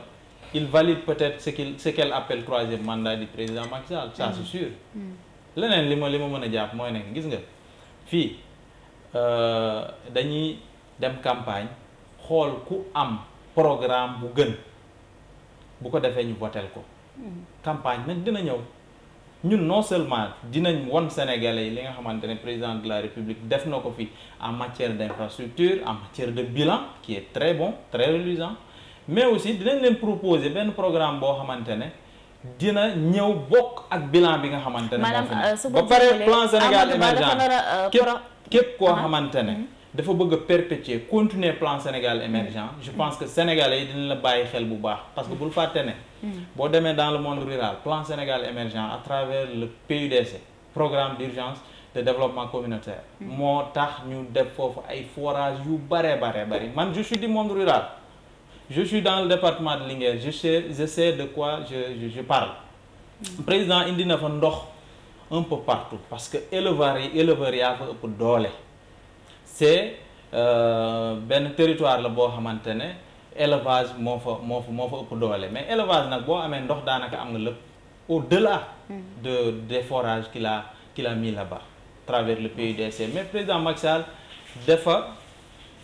il valide peut-être ce qu'il appel qu'elle appelle troisième mandat du président Macky Sall ça c'est mm. sûr mm. leneen li ma li ma mën a jàpp mooy nekk gis nga fii euh, dañuy dem campagne xool ku am programme bu gën bu ko defee ñu voteel ko hmm. campagne nag dina ñëw ñun non seulement dinañ won Sénégalais yi li nga xamante ne président de la République def na ko fi en matière d'infrastructure en matière de bilan qui est très bon très reluisant mais aussi dinañ leen proposer benn programme boo xamante ne dina ñëw bokk ak bilan bi nga xamante ne. maanaam euh, ba pare plan Sénégal émergent euh, képp képp koo uh-huh. xamante ne. Uh-huh. dafa bëgg a perpétuer continuer plan Sénégal émergent je mm. pense que sénégalais yi dina la bàyyi xel bu baax parce que bul fàtte ne mm. boo demee dans le monde rural plan Sénégal émergent à travers le PUDC programme d'urgence de développement communautaire mm. moo tax ñu def foofu ay forage yu bare bare bari man je suis du monde rural je suis dans le département de Linguère je sais de quoi je je, je parle président indi na fa ndox un peu partout parce que éleveurs yi éleveurs yaa fa ëpp doole c'est euh, benn territoire la boo xamante ne élevage moo fa moo fa moo fa ëpp doole mais élevage nag boo amee ndox daanaka am na lëpp lépp au delà hmm. de des forages qu'il a qu'il a mis là-bas travers le PUDC mais président Macky Sall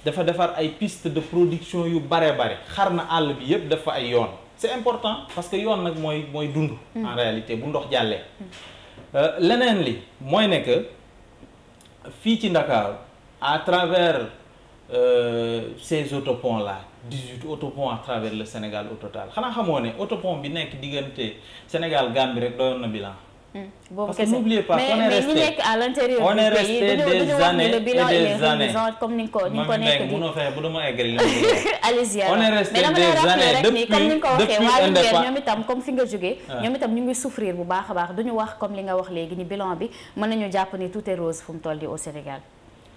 dafa defar ay piste de production yu bare bare xar na àll bi yépp dafa ay yoon c'est important parce que yoon nag mooy mooy dund hmm. en réalité bu ndox jàllee hmm. euh, leneen li mooy ne que fii ci Ndakaaru à travers euh, ces autoponts là 18 autoponts à travers le Sénégal au total xanaa xamoo ne autopont bi nekk diggante Sénégal Gambie rek doyoon na bilan. Hmm. boobu kese n'oubliez pas qu'on est nekk à l'intérieur on est comme ni nga ko ni nga dama eggali la allez-y on est resté des années depuis comme ni nga ko waxee waa Linguère ñoom itam comme fi nga jógee ah. ñoom itam ñu ngi souffrir bu baax a baax duñu wax comme li nga wax léegi ni bilan bi mën nañu jàpp ni tout est rose fu mu toll di au Sénégal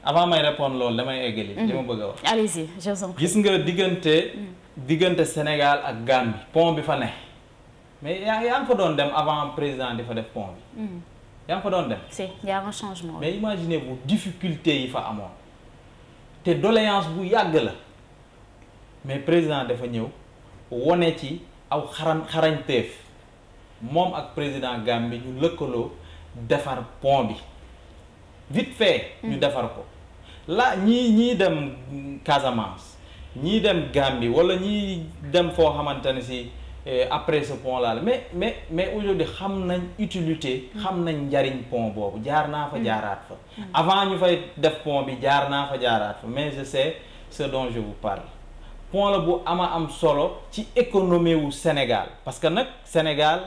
avant may répondre loolu damay eggali. Mhm. li ma bëgg a wax. allez-y je vous gis nga diggante mhm. diggante Sénégal ak Gambie pont bi fa ne mais yaa yaa ngi fa doon dem avant président di fa def pont bi. Mhm. yaa ngi fa doon dem. si y a un changement. mais imaginez vous difficulté yi fa amoon te doléance bu yàgg la mais président dafa ñëw wone ci aw xaran xarañteef moom ak président Gambie ñu lëkkaloo defar pont bi vite fait. ñu defar ko. la ñi ñii dem Casamance ñii dem Gambie wala ñii dem foo xamante ne si eh, après ce pont là mais mais mais aujourd'hui xam nañ utilité xam nañ njariñ pont boobu jaar naa fa mm. jaaraat fa mm. avant ñu fay def pont bi jaar naa fa jaaraat fa mais je sais ce dont je vous parle pont la bu ama am solo ci économie wu Sénégal parce que nag Sénégal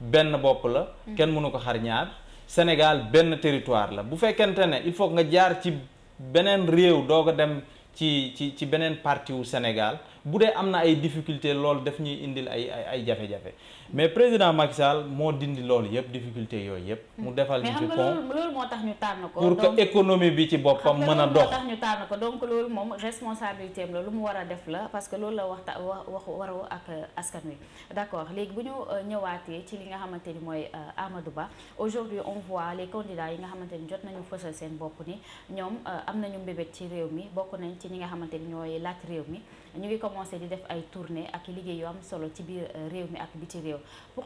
benn bopp la mm. kenn mënu ko xar ñaar Sénégal benn teritoire la bu fekkente ne il faut nga jaar ci beneen réew doog a dem ci ci ci beneen parti wu Sénégal bu dee am na ay difficulté loolu daf ñuy indil ay ay ay jafe-jafe mais président Macky Sall moo dindi loolu yëpp difficulté yooyu yëpp. mu defal ñu ci pont moo tax ñu tànn ko. pour que économie ci boppam mën a dox. ñu tànn ko donc loolu moom responsabilité am la lu mu war a def la parce que loolu la waxta wax waroo ak euh, askan wi d' accord léegi bu ñu euh, ñëwaatee ci li nga xamante ni mooy euh, amadu Ba aujourd'hui on voit les yi nga xamante ni jot nañu fësal seen bopp ni ñoom am nañu mbébét ci réew mi bokk nañ ci ñi nga xamante ni ñooy laaj réew mi. ñu ngi commencé di def ay tournée ak liggéey yu am solo ci biir euh, réew mi ak biti réew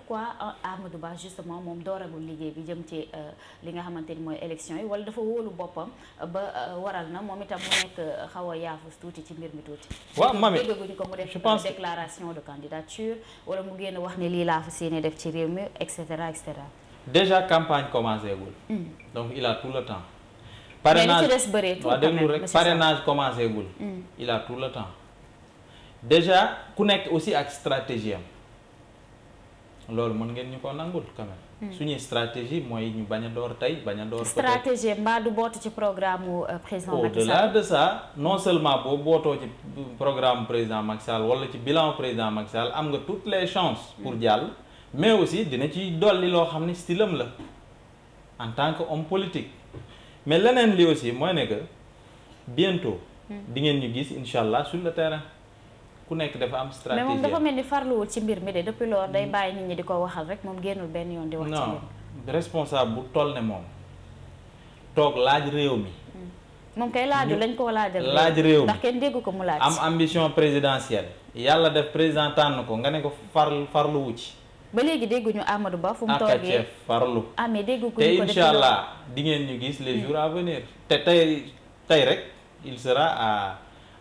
quoi euh, Amadou Ba justement moom dooragul liggéey bi jëm ci euh, li nga xamante ni mooy élection yi wala dafa wóolu boppam ba waral na moom itam mu nekk xaw a yaafus tuuti ci mbir mi tuuti waaw mami dégguñu ko mu def déclaration de candidature wala mu génn wax ne lii laa fa def ci réew mi et cetera et cetera déjà campagne commencé gul hmm. donc il a tout le temps parrainage waaw déglu rek parrainage commencé gul hmm. il a tout le temps déjà ku nekk aussi ak stratégie am loolu mën ngeen ñu ko nangul quand même. Hmm. suñuy stratégie mooy ñu bañ a door tey bañ a door. stratégie mbaa du bootu ci programme mu euh, président Macky Sall. ça non seulement boo bootoo ci programme président Macky wala ci bilan président Macky Sall am nga toutes les chances. pour hmm. jàll mais aussi dina ci dolli loo xam ne style am la en tant que homme politique mais leneen li aussi mooy ne que bientôt. Hmm. di ngeen ñu gis incha allah sur le terrain. ku nekk dafa am stratégie mais moom dafa mel ni farluwul ci mbir mi de depuis loolu day hmm. bàyyi nit ñi di ko waxal rek moom génnul benn yoon di wax ci non responsable bu toll ne moom toog laaj réew mi hmm. moom kay laaju lañ koo laajal laaj réew mi ndax kenn dégg ko mu laaj am ambition présidentielle yàlla def président tànn ko nga ne ko far farluwu ci ba léegi dégguñu Amadou Ba fu mu toogee farlu ah mais déggu ko te incha di ngeen ñu gis les hmm. jours à venir te rek il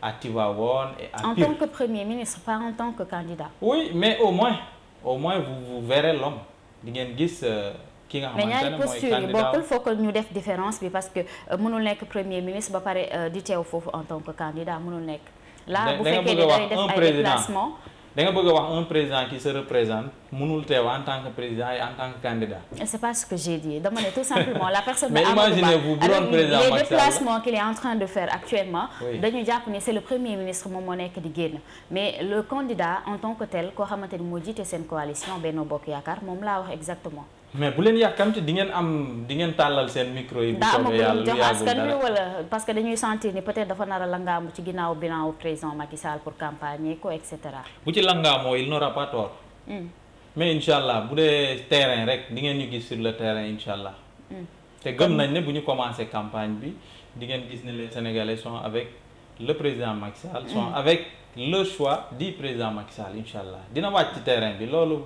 Ah, à Tivaouane et En Pire. tant que Premier ministre, pas en tant que candidat. Oui, mais au moins, au moins vous, vous verrez l'homme. di ngeen gis euh, ki nga xamante ne mooy posture yi bokkul faut que ñu def différence bi parce que euh, mënul nekk Premier ministre ba pare euh, di teew foofu en tant que candidat mënul nekk. là bu fekkee ne day def ay déplacement da nga bëgg a wax un président qui se représente mënul teew en tant que président et en tant que candidat. c'est pas ce que j'ai dit dama ne tout simplement la personne. mais imaginez qu'il est en train de faire actuellement. dañu jàpp ne c'est le premier ministre moom moo nekk di génn. mais le candidat en tant que tel koo xamante ni moo jiite seen coalition Benno Bokk Yaakaar moom laa wax exactement. mais bu leen yàkkamti di ngeen am di ngeen tàllal seen micro yi. bu soobee yàlla jox askan wi wala parce que dañuy sentir ni peut-être dafa nar a langaamu ci ginnaaw bilan wu président Macky Sall pour campagne ko et cetera. bu ci langaamoo il n'aura pas tort. Hmm. mais incha allah bu dee terrain rek di ngeen ñu gis sur le terrain incha allah. Hmm. te gëm nañ ne bu ñu commencé campagne bi di ngeen gis ne les sénégalais sont avec le président Macky Sall. sont hmm. avec le choix du président Macky Sall incha allah dina wàcc ci terrain bi loolu.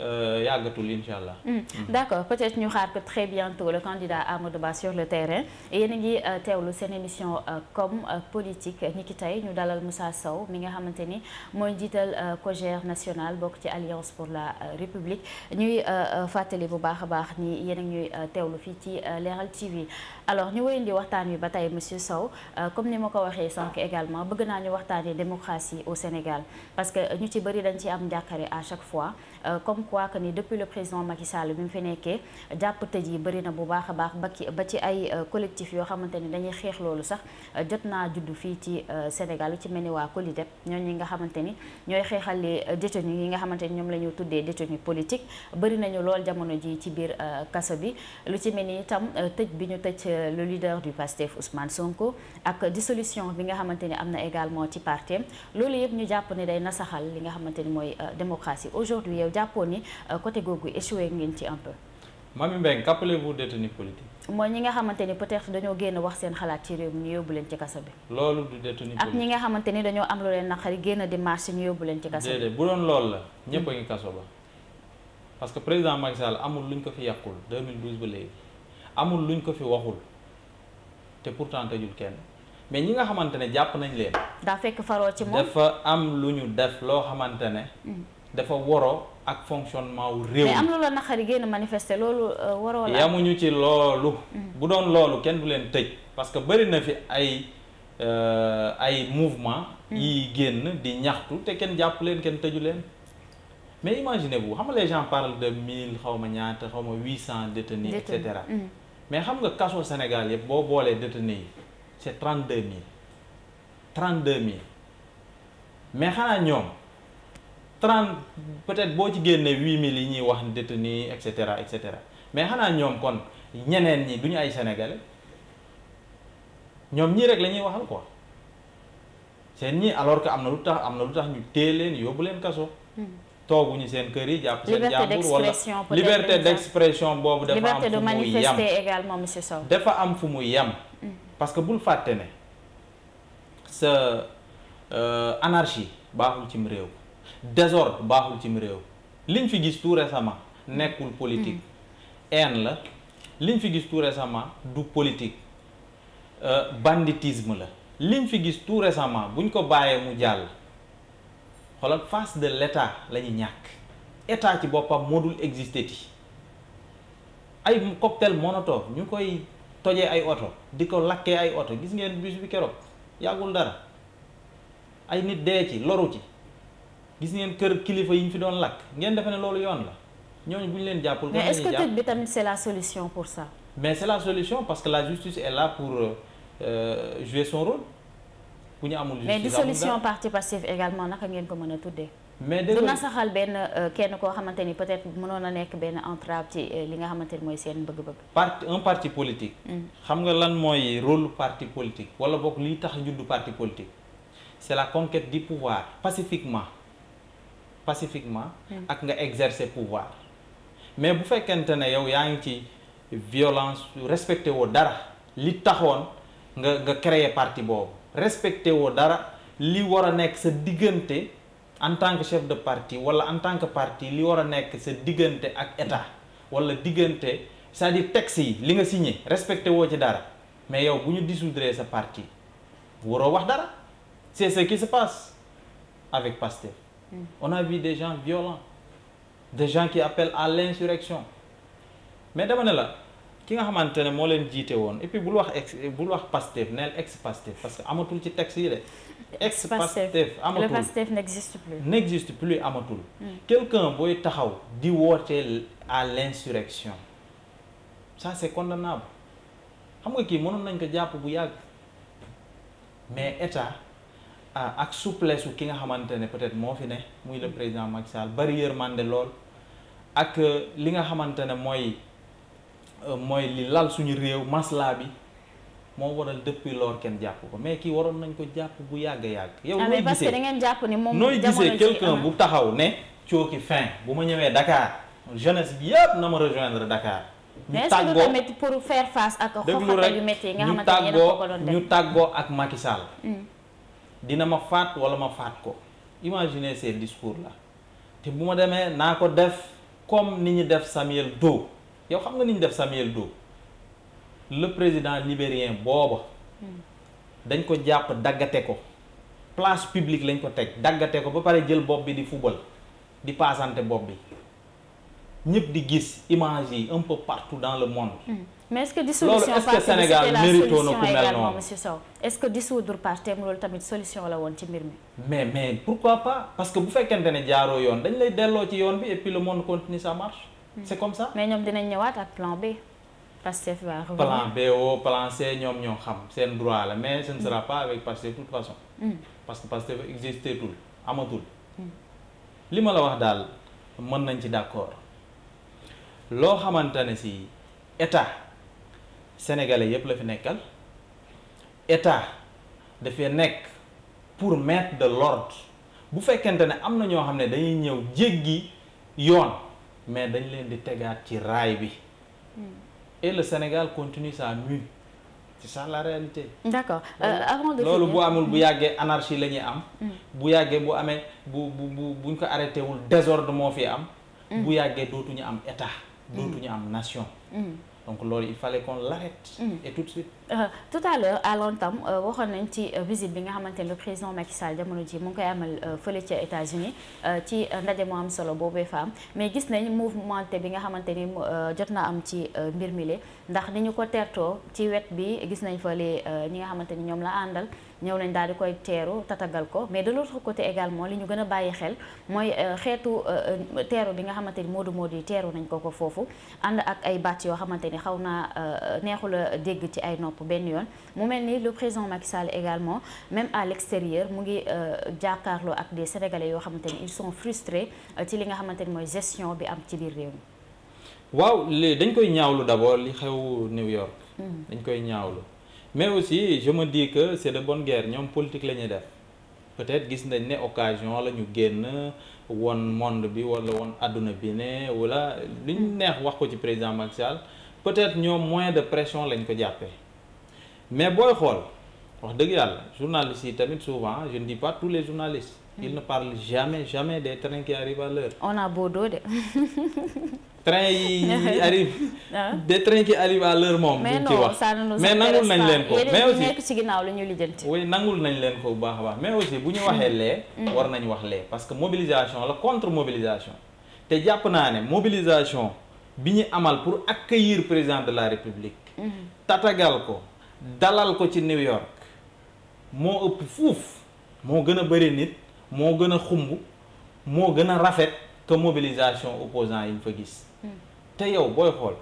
Euh, yàggatul incha allah. Hmm. Hmm. d'accord peut-être ñu xaar ko très bientôt le candidat Amadou Ba sur le terrain yéen a ngi euh, teewlu seen émission euh, comme politique ñi ki tey ñu dalal Moussa Sow mi nga xamante ni mooy njiital COJER national bokk ci Alliance pour la République ñuy fàttali bu baax a baax ni yéen a ñuy teewlu fii ci leeral TV alors ñu wéyandi waxtaan wi ba tey monsieur Sow comme ni ma ko waxee sànq également bëgg naa ñu waxtaanee démocratie au Sénégal parce que ñu ci bëri dañ ci am njàkkare à chaque fois. Euh, comme quoi que ni depuis le président Macky bi mu fi nekkee jàpp tëj yi bëri na bu baax a baax ba ci ba ci ay euh, collectif yoo xamante ni dañuy xeex loolu sax euh, jot naa juddu fii ci Sénégal lu ci mel ni waa COLIDEP ñoo ñi nga xamante ni ñooy xeexal les détenus yi nga xamante ni ñoom la ñu tuddee détenus politique bëri nañu lool jamono ji ci biir kaso bi lu ci mel ni itam tëj bi ñu tëj le leader du PASTEF Ousmane Sonko ak dissolution bi nga xamante ni am na également ci parti loolu yëpp ñu jàpp ne day nasaxal li nga xamante ni mooy démocratie aujourd'hui yow jàppoon ni euh, côté googu échoué ngeen ci un peu. Mamy Mbengue qu'appelez-vous détenu politique. mooy ñi nga xamante ni peut-être dañoo génn wax seen xalaat ci réew mi yóbbu leen ci kaso bi. loolu du détenu politique ak ñi nga xamante ni dañoo am lu leen naqari génn di marché yóbbu leen ci kaso bi. bu doon loolu la ñëpp a ngi kaso ba hmm. parce que président Macky Sall amul luñ ko fi yàqul 2012 ba léegi ko fi waxul te pourtant tëjul kenn mais ñi nga xamante ne jàpp nañ leen. daa fekk faroo ci moom dafa ne. Hmm. dafa woro ak fonctionnement wu réew mi. mais am na loo naqari génn manifester loolu euh, waroo la. yamuñu ci loolu. Mm-hmm. bu doon loolu kenn du leen tëj parce que bëri na fi ay euh, ay mouvement mm-hmm. yi génn di ñaxtu te kenn jàpp leen kenn tëju leen. mais imaginez vous xam nga les gens de mille xaw ma ñaata xaw ma huit cent détenus et cetera. Mm-hmm. mais xam nga kaso Sénégal yëpp boo boolee détenus yi c' est trente deux mille trente deux mille mais xanaa ñoom. 30 peut-être boo ci génne 8000 yi ñuy wax détenu et cetera et cetera mais xanaa ñoom kon ñeneen ñi du ñu ay sénégalais ñoom ñii rek la ñuy waxal seen ñii alors que am na lu tax am na lu tax ñu téye leen yóbbu leen kaso. Hmm. tooguñu seen kër yi jàpp seen jàmbur wala liberté d'expression boobu dafa am fu muy yam également monsieur Sow dafa am fu muy yam hmm. parce que bul fàtte ne sa euh, anarchie baaxul cim réew désordre baaxul cim réew liñ fi gis tout récemment nekkul politique haine la liñ fi gis tout récemment du politique euh, banditisme la liñ fi gis tout récemment buñ ko bàyyee mu jàll xoolal face de l'état la ñàkk état ci boppam moo dul existé ti ay cocktail Molotov ñu koy tojee ay oto di ko lakkee ay oto gis ngeen bus bi keroog yàggul dara ay nit dee ci loru ci gis ngeen kër kilifa yi ñu fi doon lakk ngeen defe ne loolu yoon la ñooñu bu ñu leen jàppul. mais est-ce la solution pour ça. mais c'est la solution parce que la justice est là pour euh, jouer son rôle bu ñu amul. justice mais dissolution parti passif également naka ngeen ko mën a tuddee. mais dëgg du nasaxal benn euh, kenn koo xamante ni peut-être mënoon a nekk benn entrave ci euh, li nga xamante ni mooy seen bëgg-bëgg. parti un parti politique. Mm. xam nga lan mooy rôle parti politique wala boog liy tax juddu parti politique c'est la conquête du pacifiquement. pacifiquement hmm. ak nga exercer pouvoir mais bu fekkente ne yow yaa ngi ci violence respecté woo dara li taxoon nga nga créer parti boobu respecté woo dara li war a nekk sa diggante en tant que chef de parti wala en tant que parti li war a nekk sa diggante ak état wala diggante sa à dire yi li nga signé respecté woo ci dara mais yow bu ñu dissoudre sa parti waroo wax dara c'est ce qui se passe avec Pastef Mm. on a vu des gens violents des gens qui appellent à l'insurrection mais dama la ki nga xamante ne moo leen jiite woon et puis bul wax ex bul wax Pastef neel ex Pastef parce que amatul ci texte yi de ex Pastef amatul le Pastef n'existe amatul mm. quelqu'un booy taxaw di wootee à l'insurrection ça c'est condamnable xam nga kii mënoon nañ ko jàpp bu yàgg mais état Ah, ak souplesse su ki nga xamante ne peut-être moo fi ne muy le président Macky Sall bari yërmande lool ak euh, li nga xamante ne mooy euh, mooy li lal suñu réew masla bi moo waral depuis lool kenn jàpp ko mais kii waroon nañ ko jàpp bu yàgg yàgg. yow ah, nooy gisee parce que da ngeen jàpp ni moom nooy gisee quelqu'un ah. bu taxaw ne. cooki fin bu ma ñëwee Dakar jeunesse bi yëpp na ma rejoindre Dakar. ñu tàggoo ak. xoxata ñu tàggoo ak Macky dina ma fàtt wala ma faat ko imagine ces discours là te bu ma demee naa ko def comme ni ñu def Samuel do yow xam nga ni ñu def Samuel do le président libérien booba hmm. dañ ko jàpp daggate ko place publique lañ ko teg daggate ko ba pare jël bopp bi di fubal di paasante bopp bi ñëpp di gis image yi un peu partout dans le monde hmm. mais est-ce que dissolution loolu est-ce que Sénégal que dissoudre Pastef loolu tamit solution la woon ci mbir mi. mais mais pourquoi pas parce que bu fekkente ne jaaroo yoon dañ lay delloo ci yoon bi et puis le monde sa marche. Hmm. c'est comme ça. mais ñoom dinañ ñëwaat ak plan B. Pastef va revenir plan B o plan C ñoom ñoo xam seen droit la mais seen ne sera hmm. pas avec Pastef de toute façon. Hmm. parce que Pastef existé tul amatul. li ma la wax daal mën nañ ci d'accord loo xamante ne si état. sénégalais yëpp la fi nekkal état dafee nekk pour mettre de l'ordre bu fekkente ne am na ñoo xam ne dañuy ñëw jéggi yoon mais dañ leen di tegaat ci raay bi hmm. et le Sénégal continue sa mue c'est ça la euh, loolu bu amul bu hmm. yàggee anarchie la ñuy am hmm. bu yàggee bu amee bu bu bu buñ ko arrêté wul désordre moo fi am bu yàggee ñu am état dootuñu am nation donc loolu il fallait qu'on l'arrête mm. et euh, tout à l'heure euh, waxoon nañ ci euh, visite bi nga xamante ne le président Macky jamono ji mu ngi koy amal fële ca États-Unis ci ndaje mu am solo boobee fa am mais gis nañ mouvementé bi nga xamante ni jot na am ci mbir mi ndax ni ñu ko tertoo ci wet bi gis nañ fa les nga xamante ni ñoom la àndal. ñëw nañ daal di koy teeru tatagal ko mais de l'autre côté également li ñu gën a bàyyi xel mooy euh, xeetu euh, euh, teeru bi nga xamante ni moodu moodu yi teeru nañ ko ko foofu ànd ak ay baat yoo xamante ni xaw naa neexul a dégg ci ay nopp benn yoon mu mel ni le président Macky également même à l'extérieur mu ngi jàkkaarloo ak des sénégalais yoo xamante ni ils son frustrés ci li nga xamante ni mooy gestion bi am ci biir réew mi waaw li dañ koy ñaawlu d'abord li xew New York mm-hmm. dañ koy ñaawlu mais aussi je me dis que c'est de bonne guerre ñoom politique la def peut-être gis nañ ne occasion la ñu génn woon monde bi wala woon àdduna bi ne wala lu neex wax ko ci président Macky peut-être ñoom moyen de pression lañ ko jàppee mais booy xool wax dëgg yàlla journalistes yi tamit souvent je ne dis pas tous les journalistes ils ne parlent jamais jamais des trains qui on a de train yi arrive ah. des trains qui arrivent à l'heure moom duñ ci wax mais nangul nañ leen ko mais aussi nekk ci ginnaaw la ñu nangul nañ leen ko bu baax a baax mais aussi bu ñu mm-hmm. waxee lee mm-hmm. war nañ wax lee parce que mobilisation la contre mobilisation te jàpp naa ne mobilisation bi ñu amal pour accueillir président de la république mm-hmm. tatagal ko dalal ko ci New York moo ëpp fuuf moo gën a bëri nit moo gën a xumb moo gën a rafet que mobilisation opposant yi ñu fa gis te yow booy xool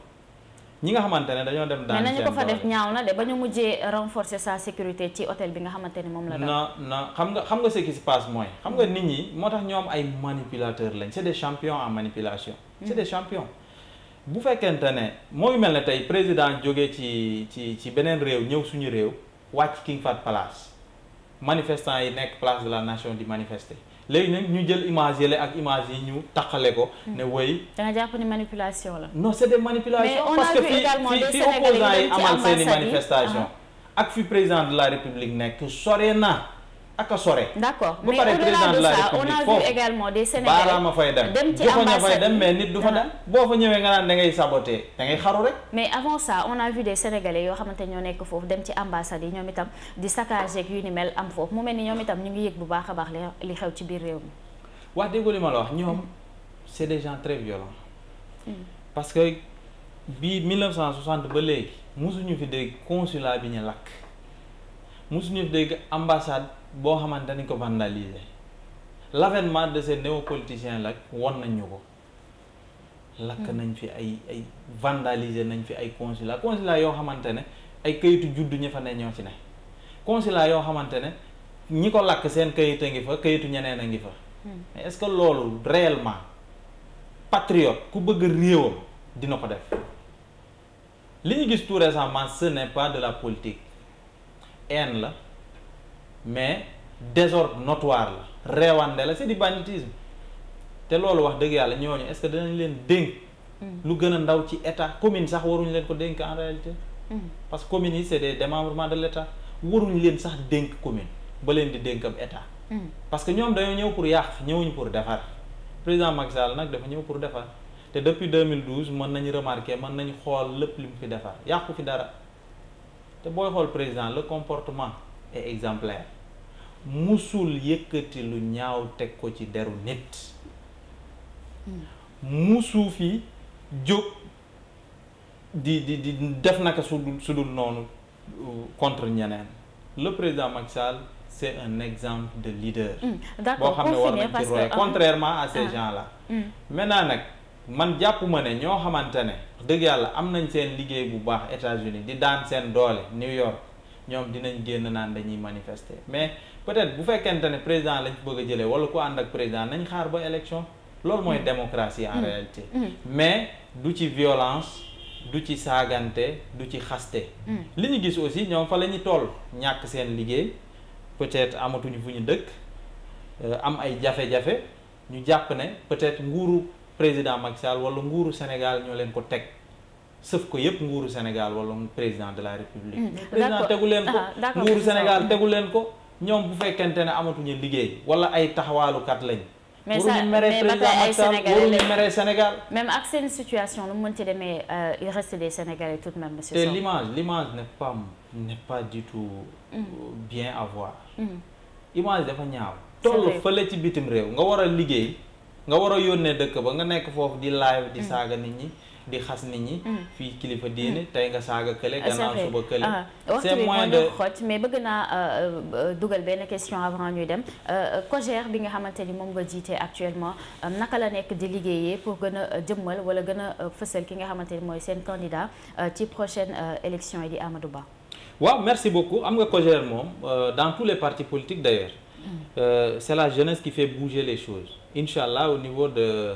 ñi nga xamante ne dañoo dem. daan nañu ko fa def ñaaw na de ba ñu mujjee renforcer sa sécurité ci hôtel bi nga xamante ne moom la. non non xam nga xam nga ce qui se mooy. xam nga nit ñi moo tax ñoom ay manipulateurs lañ c'est des champions en manipulation. Hmm. c'est des champions. bu fekkente ne moo mel ne tey président jóge ci ci ci beneen réew ñëw suñu réew wàcc King Fahd Palace manifestants yi nekk place de la nation di manifester. léegi nag ñu jël image yële ak image yi ñu taqale ko hmm. ne woy da nga jàpp ni manipulation la non c'est des manipulations parce que fii fii opposants yi amal seeni manifestation ak fi président de la république nekk sore na ak a sore. d'accord mais au-delà de ça on a fay dem dem ci ambassade fay dem mais nit du dem. boo fa ñëwee nga naan da ngay saboté xaru rek. mais avant ça on a vu des Sénégalais yoo xamante ñoo nekk foofu dem ci ambassade yi ñoom itam di saccagé ak yu ni mel am foofu mu mel ni ñoom itam ñu ngi yëg bu baax a baax li xew ci biir réew mi. waa déggu li ma la wax ñoom c'est des gens très violents. Hmm. parce que bi 1960 ba léegi mosuñu fi dégg consulat bi ñu lakk mosuñu fi dégg ambassade. boo xamante dañ ko vandaliser l'avènement de ces néopoliticiens lag won nañ ñu ko lakk hmm. nañ fi ay ay vandaliser nañ fi ay consulat consulat yoo xamante ne ay kayitu juddu ñi fa ne ñoo ci ne consulat yoo xamante ne ñi ko lakk seen kayit a ngi fa kayitu ñeneen a ngi fa hmm. mais ce que loolu réellement patriote ku bëgg réewam dina ko def li ñu gis tout récemment ce n'est pas de la politique haine la mais désordre notoire la reewande la c'est du banditisme te loolu wax dëgg yàlla ñooñu est-ce que danañ leen dénk hmm. lu gën a ndaw ci état commune sax waruñu leen ko dénk en réalité hmm. parce que communes yi c'est des démembrements de l'état waruñu leen sax dénk commune ba leen di dénk ab état hmm. parce que ñoom dañoo ñëw pour yàq ñëwuñu pour defar président Macky Sall nag dafa ñëw pour defar te depuis 2012 mën nañu remarquer mën nañu xool lépp li mu fi defar yàqu fi dara te booy xool président le comportement est exemplaire musul yëkkati lu ñaaw teg ko ci deru nit hmm. musu fi jóg di di di def naka su dul su noonu euh, contre ñeneen le président Macky Sall c'est un exemple de leader hmm. boo xam ne war nañ ci roy euh, contrairement à ces ah. gens-là hmm. nag man jàpp ma ne ñoo xamante ne dëgg yàlla am nañ seen liggéey bu baax États-Unis di daan seen doole New York ñoom dinañ génn naan dañuy manifester mais peut-être bu fekkente ne président lañ bëgg a jëlee wala ku ànd ak président nañ xaar ba élection loolu mooy mm. démocratie en mm. réalité mm. mais du ci violence du ci saagante du ci xaste li ñu gis aussi ñoom fa la ñu toll ñàkk seen liggéey peut-être amatuñu fu ñu dëkk euh, am ay jafe-jafe ñu jàpp ne peut-être nguuru président Macky Sall wala nguuru Sénégal ñoo leen ko teg sëf ko yépp nguuru Sénégal wala président de la République président tegu leen ko ah, nguuru Sénégal tegu leen ko ñoom bu fekkente ne amatuñu liggéey wala ay taxawaalukat lañ. mais ça mais ba tey ay sénégalais lañ mere Sénégal. même ak seen situation lu mu mën ci demee euh, il reste des sénégalais tout de même. monsieur Sow te l'image l'image n'est pas n'est pas du tout. Mm. Euh, bien à voir. Mm. image dafa ñaaw. toll fële ci bitim réew nga war a liggéey nga war a yónnee dëkk ba nga nekk foofu di live di mm. saaga nit ñi. di xas nit ñi. Mm. fii kilifa mm. diine tey nga saaga kële. gannaaw suba kële. Ah, c'est moins de xoj mais bëgg naa euh, euh, dugal benn question avant ñuy dem euh, COJER bi nga xamante ni moom nga jiite actuellement naka la nekk di liggéeyee pour gën a jëmmal wala gën a fësal ki nga xamante ni mooy seen candidat ci prochaine élection yi di Amadou Ba. waaw merci beaucoup am nga COJER moom dans tous les partis politiques d'ailleurs. Mm. c'est la jeunesse qui fait bouger les choses allah au de.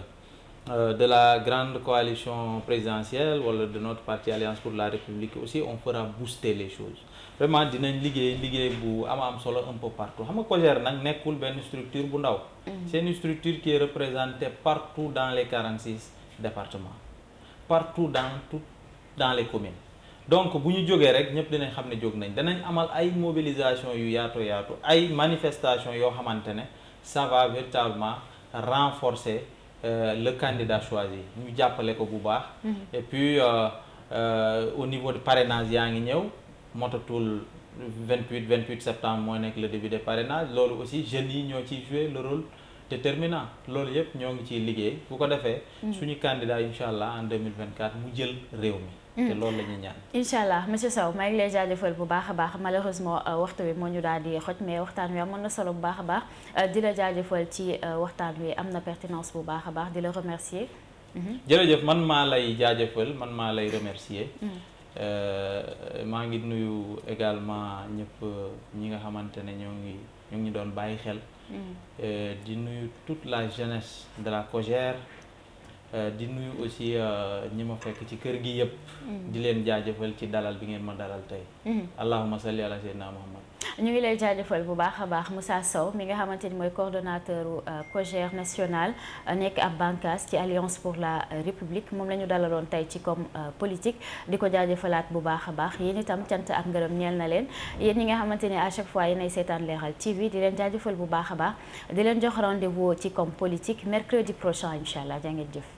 Euh, de la grande coalition présidentielle wala de notre parti Alliance pour la République aussi on fera booster les choses vraiment dinañ liggéey liggéey bu am am solo un peu partout xam nga COJER nag nekkul benn structure bu ndaw. Mm-hmm. c'est une structure qui est représentée partout dans les 46 départements partout dans tout dans les communes. donc bu ñu jógee rek ñëpp dinañ xam ne jóg nañ danañ amal ay mobilisation yu yaatu yaatu ay manifestation yoo xamante ne ça va véritablement renforcer. Euh, le candidat choisi ñu jàppale ko bu baax. Mm-hmm. et puis euh, euh, au niveau de parrainage yaa ngi ñëw motatul 28 28 septembre moo nekk le début de parrainage loolu aussi jeunes yi ñoo ciy joué le te déterminant loolu yëpp ñoo ngi ciy liggéey bu ko defee. Mm-hmm. suñu candidat incha allah en 2024 mu jël réew mi. Mm. te loolu la ñuy ñaan. incha allah monsieur Sow maa ngi lay jaajëfal bu baax a baax malheureusement euh, waxtu wi moo ñu daal di xoj mais waxtaan wi amoon na solo bu baax a baax euh, di la jaajëfal ci euh, waxtaan wi am na pertinence bu baax a baax di la remercier. Mm-hmm. jërëjëf man maa lay jaajëfal man maa lay remercier. Mm. maa ngi nuyu également ñëpp ñi nga xamante ne ñoo ngi ñu ngi doon bàyyi xel. Mm. di nuyu toute la jeunesse de la Cogère. Euh, di nuyu aussi euh, ñi ma fekk ci kër gi yëpp. Mm. di leen jaajëfal ci dalal bi ngeen ma dalal tey. Mm-hmm. allahumma salli ala sayyidina muhammad. ñu ngi lay jaajëfal bu baax a baax Moussa Sow mi nga xamante ni mooy coordonnateur euh, COJER national nekk ab bànqaas ci alliance pour la république moom la ñu dalaloon tey ci comme politique di ko jaajëfalaat bu baax a baax yéen itam cant ak ngërëm ñeel na leen yéen ñi nga xamante ni à chaque fois yéenay seetaan leexal TV di leen jaajëfal bu baax baax di leen jox rendez-vous ci comme politique mercredi prochain incha allah jaa ngeen jëf.